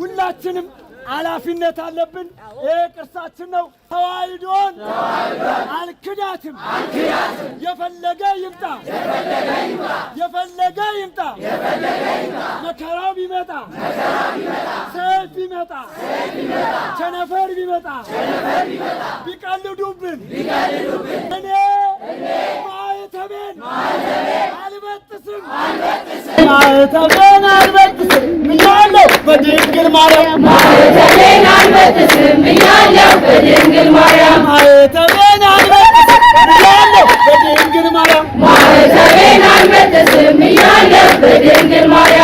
ሁላችንም ኃላፊነት አለብን። ይሄ ቅርሳችን ነው። ተዋሕዶን አልክዳትም፣ የፈለገ ይምጣ ቢመጣ ቸነፈር ቢመጣ ቢቀልዱብን እኔ ማየተቤን አልበጥስም ማየተቤን አልበጥስም ብያለሁ በድንግል ማርያም ማየተቤን አልበጥስም ብያለሁ በድንግል ማርያም ማየተቤን አልበጥስም ብያለሁ በድንግል ማርያም ማየተቤን አልበጥስም ብያለሁ በድንግል ማርያም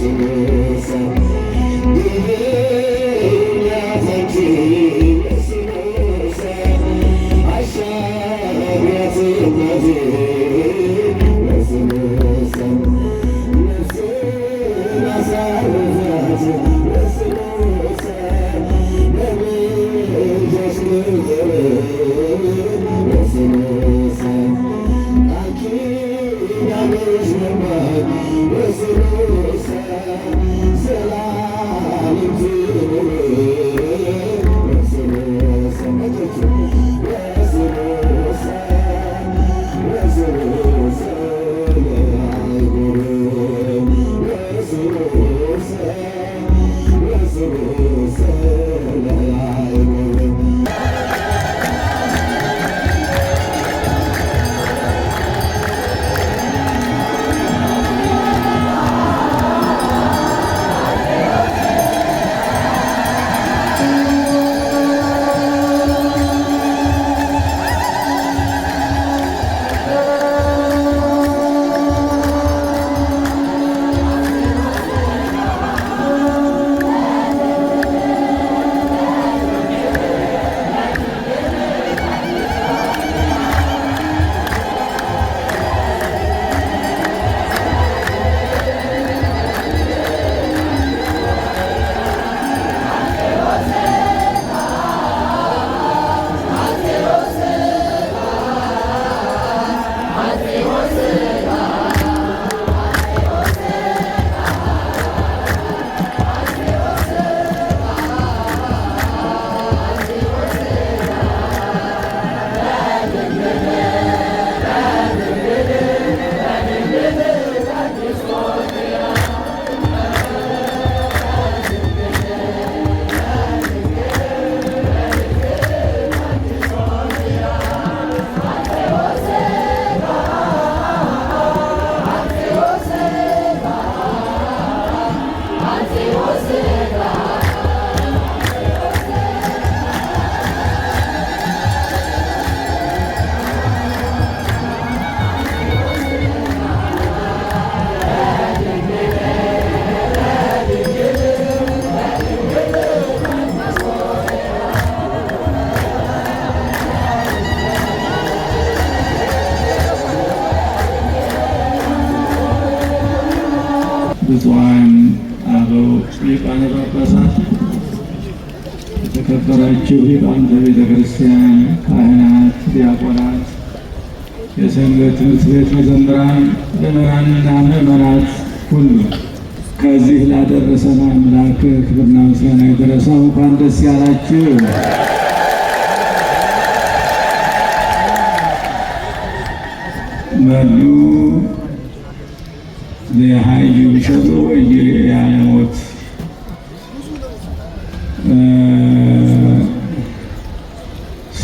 seni ዲያቆናት፣ የሰንበት ትምህርት ቤት መዘምራን፣ ምዕመናንና ምዕመናት ሁሉ ከዚህ ላደረሰን አምላክ ክብርና ምስጋና ይድረሰው። እንኳን ደስ ያላችሁ። መሉ ለሀዩ ቢሸጡ ወኢያሞት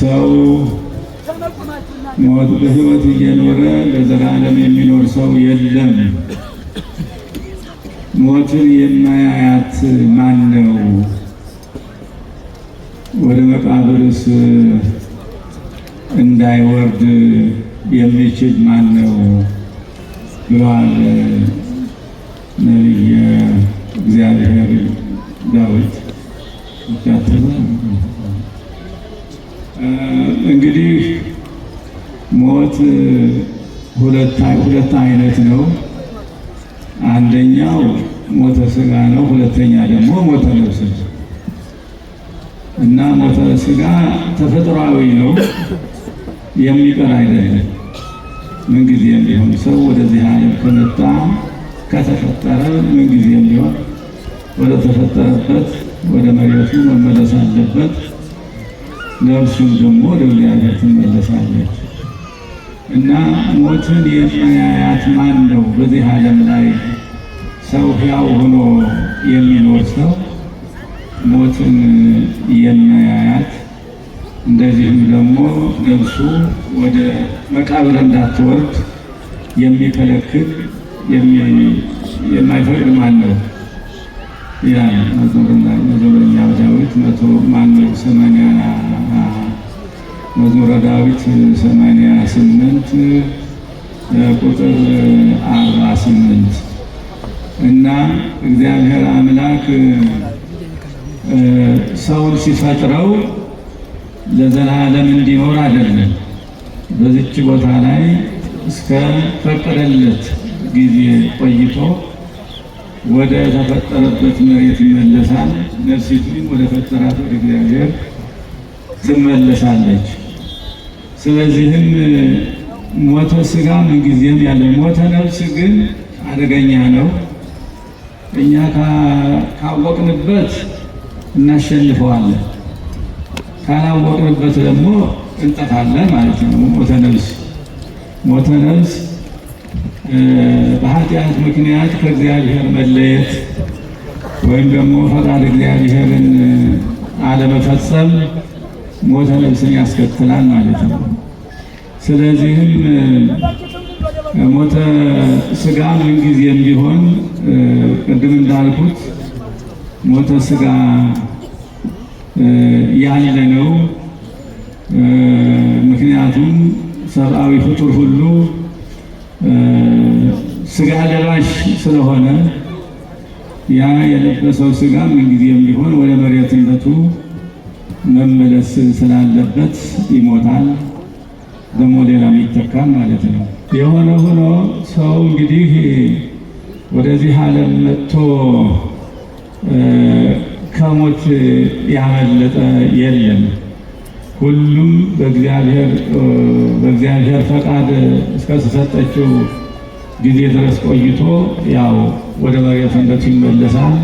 ሰው ሞት በሕይወት እየኖረ ለዘላለም የሚኖር ሰው የለም። ሞትን የማያያት ማን ነው? ወደ መቃብርስ እንዳይወርድ የሚችል ማን ነው ብለዋል ነቢየ እግዚአብሔር ዳዊት። እንግዲህ ሞት ሁለት አይነት ነው። አንደኛው ሞተ ስጋ ነው። ሁለተኛ ደግሞ ሞተ ነፍስ እና ሞተ ስጋ ተፈጥሯዊ ነው፣ የሚቀር አይደለም። ምንጊዜም ቢሆን ሰው ወደዚህ ዓለም ከመጣ ከተፈጠረ ምንጊዜም ቢሆን ወደ ተፈጠረበት ወደ መሬቱ መመለስ አለበት። ነፍሱም ደግሞ ወደ እግዚአብሔር ትመለሳለች። እና ሞትን የሚያያት ማን ነው? በዚህ ዓለም ላይ ሰው ሕያው ሆኖ የሚኖር ሰው ሞትን የሚያያት እንደዚህም ደግሞ ነፍሱ ወደ መቃብር እንዳትወርድ የሚከለክል የማይፈቅድ ማን ነው? ያ መዝሙረኛው ዳዊት መቶ ማን ነው ሰማንያ መዝሙረ ዳዊት 88 ቁጥር 48 እና እግዚአብሔር አምላክ ሰውን ሲፈጥረው ለዘላለም እንዲኖር አይደለም። በዚች ቦታ ላይ እስከ ፈቀደለት ጊዜ ቆይቶ ወደ ተፈጠረበት መሬት ይመለሳል። ነፍሲቱም ወደ ፈጠራት ወደ እግዚአብሔር ትመለሳለች። ስለዚህም ሞተ ስጋ ምንጊዜም ያለ፣ ሞተ ነፍስ ግን አደገኛ ነው። እኛ ካወቅንበት እናሸንፈዋለን፣ ካላወቅንበት ደግሞ እንጠፋለን ማለት ነው። ሞተ ነፍስ ሞተ ነፍስ በኃጢአት ምክንያት ከእግዚአብሔር መለየት ወይም ደግሞ ፈቃድ እግዚአብሔርን አለመፈጸም ሞተ ልብስን ያስከትላል ማለት ነው። ስለዚህም ሞተ ስጋ ምንጊዜም ቢሆን ቅድም እንዳልኩት ሞተ ስጋ ያለ ነው። ምክንያቱም ሰብአዊ ፍጡር ሁሉ ስጋ ለባሽ ስለሆነ ያ የለበሰው ስጋ ምንጊዜም ቢሆን ወደ መሬትነቱ መመለስ ስላለበት ይሞታል። ደግሞ ሌላ ይተካል ማለት ነው። የሆነ ሆኖ ሰው እንግዲህ ወደዚህ ዓለም መጥቶ ከሞት ያመለጠ የለም። ሁሉም በእግዚአብሔር ፈቃድ እስከተሰጠችው ጊዜ ድረስ ቆይቶ ያው ወደ መሬት ፈንደት ይመለሳል።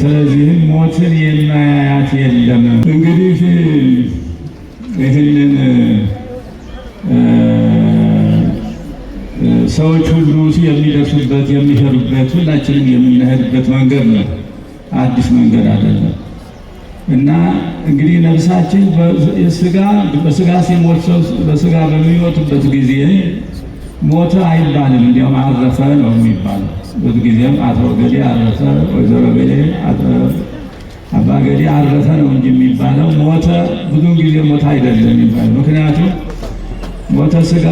ስለዚህም ሞትን የማያያት የለም። እንግዲህ ይህንን ሰዎች ሁሉ የሚደርሱበት የሚሄዱበት ሁላችንም የምንሄድበት መንገድ ነው። አዲስ መንገድ አይደለም እና እንግዲህ ነፍሳችን በስጋ ሲሞት ሰው በስጋ በሚሞትበት ጊዜ ሞተ አይባልም፣ እንዲያውም አረፈ ነው የሚባለው። ብዙ ጊዜም አቶ ገዴ አረፈ፣ ወይዘሮ ገዴ፣ አባ ገዴ አረፈ ነው እንጂ የሚባለው ሞተ ብዙን ጊዜ ሞተ አይደለም የሚባለው። ምክንያቱም ሞተ ስጋ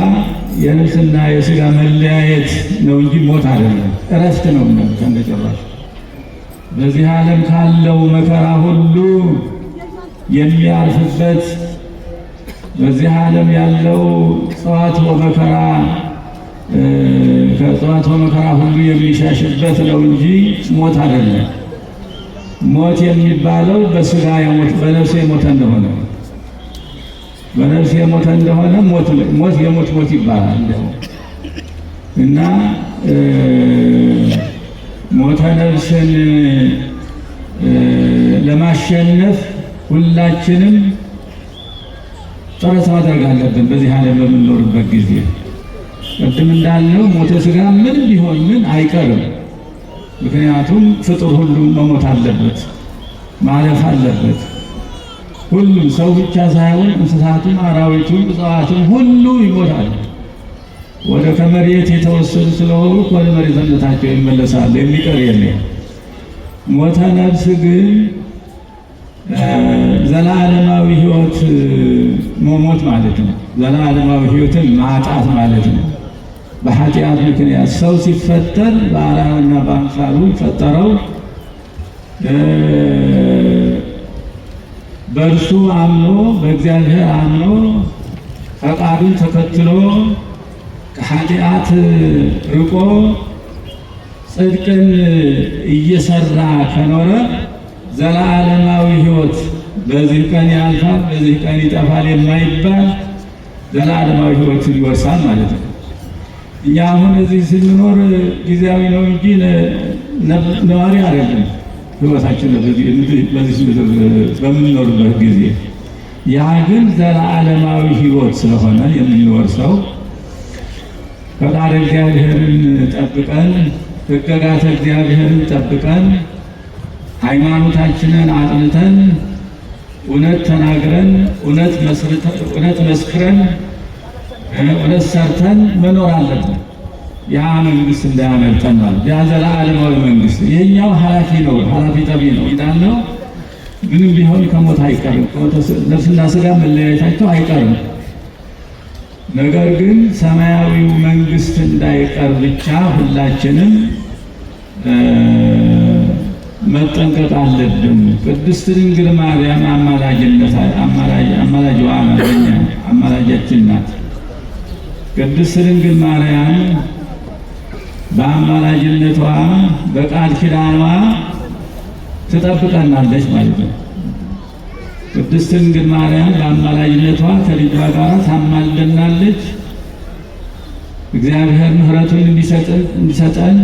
የነፍስና የስጋ መለያየት ነው እንጂ ሞት አይደለም፣ እረፍት ነው ነው ከነጨራሽ በዚህ ዓለም ካለው መከራ ሁሉ የሚያርፍበት በዚህ ዓለም ያለው ጽዋት ወመከራ ከጥዋት መከራ ሁሉ የሚሸሽበት ነው እንጂ ሞት አይደለም። ሞት የሚባለው በስጋ የሞት በነፍስ የሞተ እንደሆነ በነፍስ የሞተ እንደሆነ ሞት የሞት ሞት ይባላል እና ሞተ ነፍስን ለማሸነፍ ሁላችንም ጥረት ማድረግ አለብን በዚህ ዓለም በምንኖርበት ጊዜ ቅድም እንዳለው ሞተ ስጋ ምን ቢሆን ምን አይቀርም። ምክንያቱም ፍጡር ሁሉ መሞት አለበት፣ ማለፍ አለበት። ሁሉም ሰው ብቻ ሳይሆን እንስሳቱም፣ አራዊቱም፣ እጽዋቱም ሁሉ ይሞታል። ወደ ከመሬት የተወሰዱ ስለሆኑ ወደ መሬትነታቸው ይመለሳል። የሚቀር የለ። ሞተ ነፍስ ግን ዘላለማዊ ህይወት መሞት ማለት ነው። ዘላለማዊ ህይወትን ማጣት ማለት ነው። በኃጢአት ምክንያት ሰው ሲፈጠር በአርአያውና በአምሳሉ ፈጠረው። በእርሱ አምኖ በእግዚአብሔር አምኖ ፈቃዱን ተከትሎ ከኃጢአት ርቆ ጽድቅን እየሰራ ከኖረ ዘለዓለማዊ ሕይወት በዚህ ቀን ያልፋል፣ በዚህ ቀን ይጠፋል የማይባል ዘለዓለማዊ ሕይወትን ይወርሳል ማለት ነው። እኛ አሁን እዚህ ስንኖር ጊዜያዊ ነው እንጂ ነዋሪ አይደለም። ህይወታችን በዚህ በምንኖርበት ጊዜ ያ ግን ዘለዓለማዊ ህይወት ስለሆነ ሰው ፈቃደ እግዚአብሔርን ጠብቀን ሕግጋተ እግዚአብሔርን ጠብቀን ሃይማኖታችንን አጥንተን እውነት ተናግረን እውነት መስክረን ህብረት ሰርተን መኖር አለብን። ያ መንግስት እንዳያመልጠን ማለት ያ ዘለዓለማዊ መንግስት የኛው ኃላፊ ነው፣ ኃላፊ ጠቢ ነው ነው። ምንም ቢሆን ከሞት አይቀርም፣ ነፍስና ስጋ መለያየታቸው አይቀርም። ነገር ግን ሰማያዊው መንግስት እንዳይቀር ብቻ ሁላችንም መጠንቀቅ አለብን። ቅድስት ድንግል ማርያም አማላጅነት አማላጅ አማላጅ አማላጃችን ናት። ቅድስት ድንግል ማርያም በአማላጅነቷ በቃል ኪዳኗ ትጠብቀናለች ማለት ነው። ቅድስት ድንግል ማርያም በአማላጅነቷ ከልጇ ጋር ታማልደናለች። እግዚአብሔር ምሕረቱን እንዲሰጠን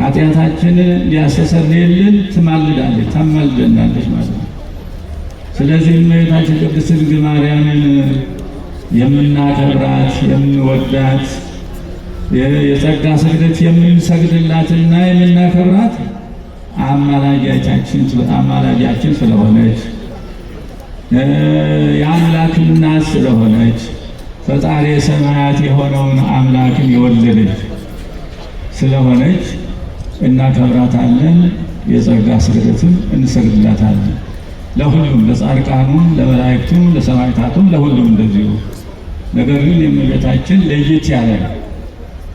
ኃጢአታችንን ሊያስተሰርይልን ትማልዳለች፣ ታማልደናለች ማለት ነው። ስለዚህ እመቤታችን ቅድስት ድንግል ማርያምን የምናከብራት የምንወዳት የጸጋ ስግደት የምንሰግድላትና የምናከብራት አማላጃችን ስለሆነች የአምላክ እናት ስለሆነች ፈጣሪ ሰማያት የሆነውን አምላክን የወለደች ስለሆነች እናከብራታለን። የጸጋ ስግደትም እንሰግድላታለን። ለሁሉም ለጻድቃኑም፣ ለመላእክቱም፣ ለሰማዕታቱም ለሁሉም እንደዚሁ ነገር ግን የእመቤታችን ለየት ያለ ነው።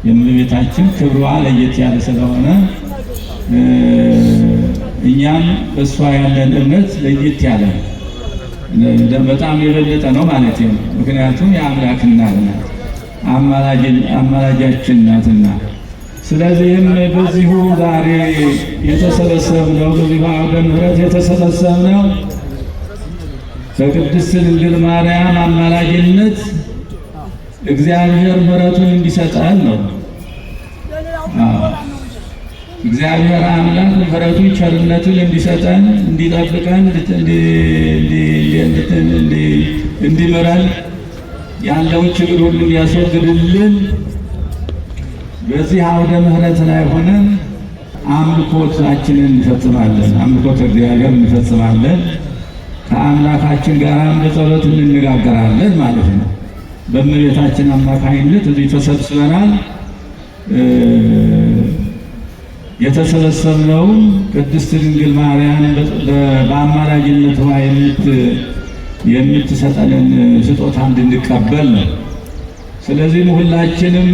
የእመቤታችን ክብሯ ለየት ያለ ስለሆነ እኛም እሷ ያለን እምነት ለየት ያለ ነው። በጣም የበለጠ ነው ማለት ነው። ምክንያቱም የአምላክ እናት ናት፣ አማላጃችን ናትና። ስለዚህም በዚሁ ዛሬ የተሰበሰብነው በዚሁ አውደ ምሕረት የተሰበሰብነው በቅድስት ድንግል ማርያም አማላጅነት እግዚአብሔር ምሕረቱን እንዲሰጠን ነው። እግዚአብሔር አምላክ ምሕረቱን ቸርነቱን እንዲሰጠን፣ እንዲጠብቀን፣ እንዲምረን ያለውን ችግር ሁሉ ያስወግድልን። በዚህ አውደ ምሕረት ላይ ሆነን አምልኮታችንን እንፈጽማለን። አምልኮት እግዚአብሔር እንፈጽማለን። ከአምላካችን ጋር በጸሎት እንነጋገራለን ማለት ነው። በእመቤታችን አማካኝነት እዚህ ተሰብስበናል። የተሰበሰብነውም ቅድስት ድንግል ማርያም በአማላጅነቷ የምትሰጠንን ስጦታ እንድንቀበል ነው። ስለዚህም ሁላችንም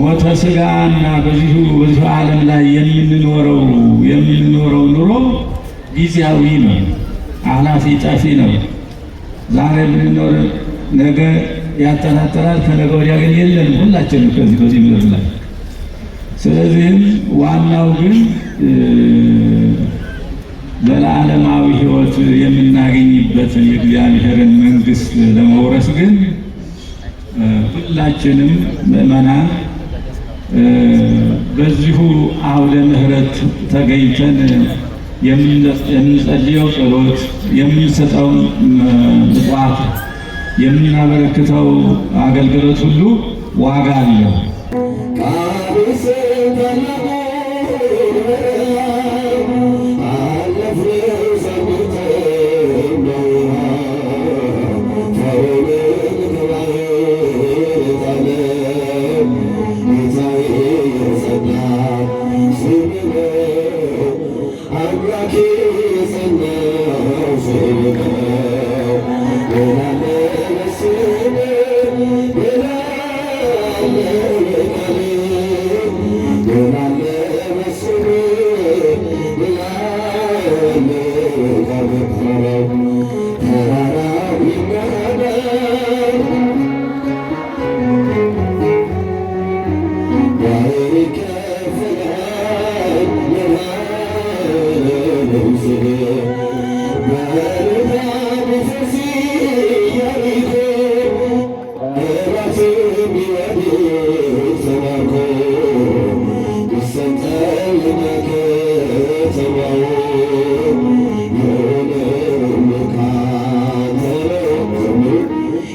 ሞተ ስጋ እና በዚሁ በዚሁ ዓለም ላይ የምንኖረው የምንኖረው ኑሮ ጊዜያዊ ነው፣ አላፊ ጠፊ ነው። ዛሬ ብንኖር ነገ ያጠራጠራል፣ ከነገ ወዲያ ግን የለም ሁላችንም ከዚህ በዚህ ምድር ላይ። ስለዚህም ዋናው ግን ለዓለማዊ ሕይወት የምናገኝበትን የእግዚአብሔርን መንግስት ለመውረስ ግን ሁላችንም ምእመናን በዚሁ አውደ ምሕረት ተገኝተን የምንጸልየው ጸሎት፣ የምንሰጠው ምጽዋት፣ የምናበረክተው አገልግሎት ሁሉ ዋጋ አለው።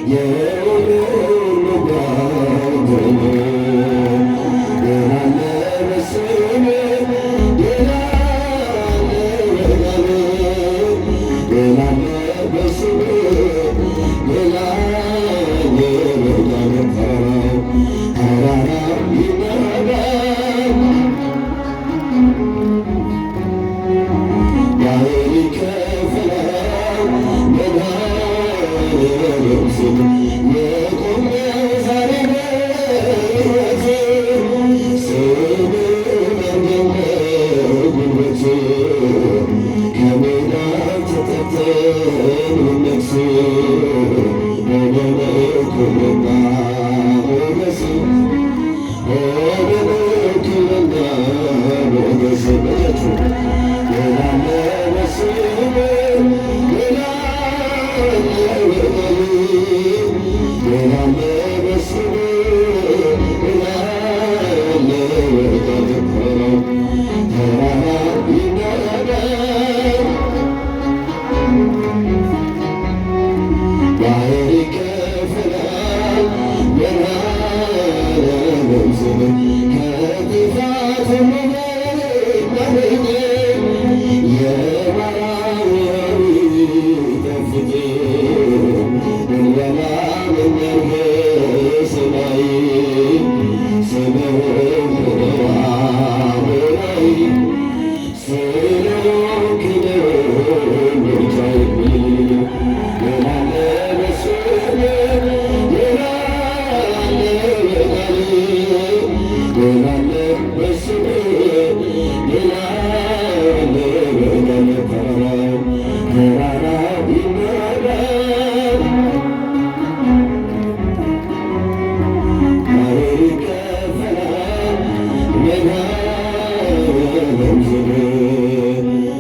Yeah. see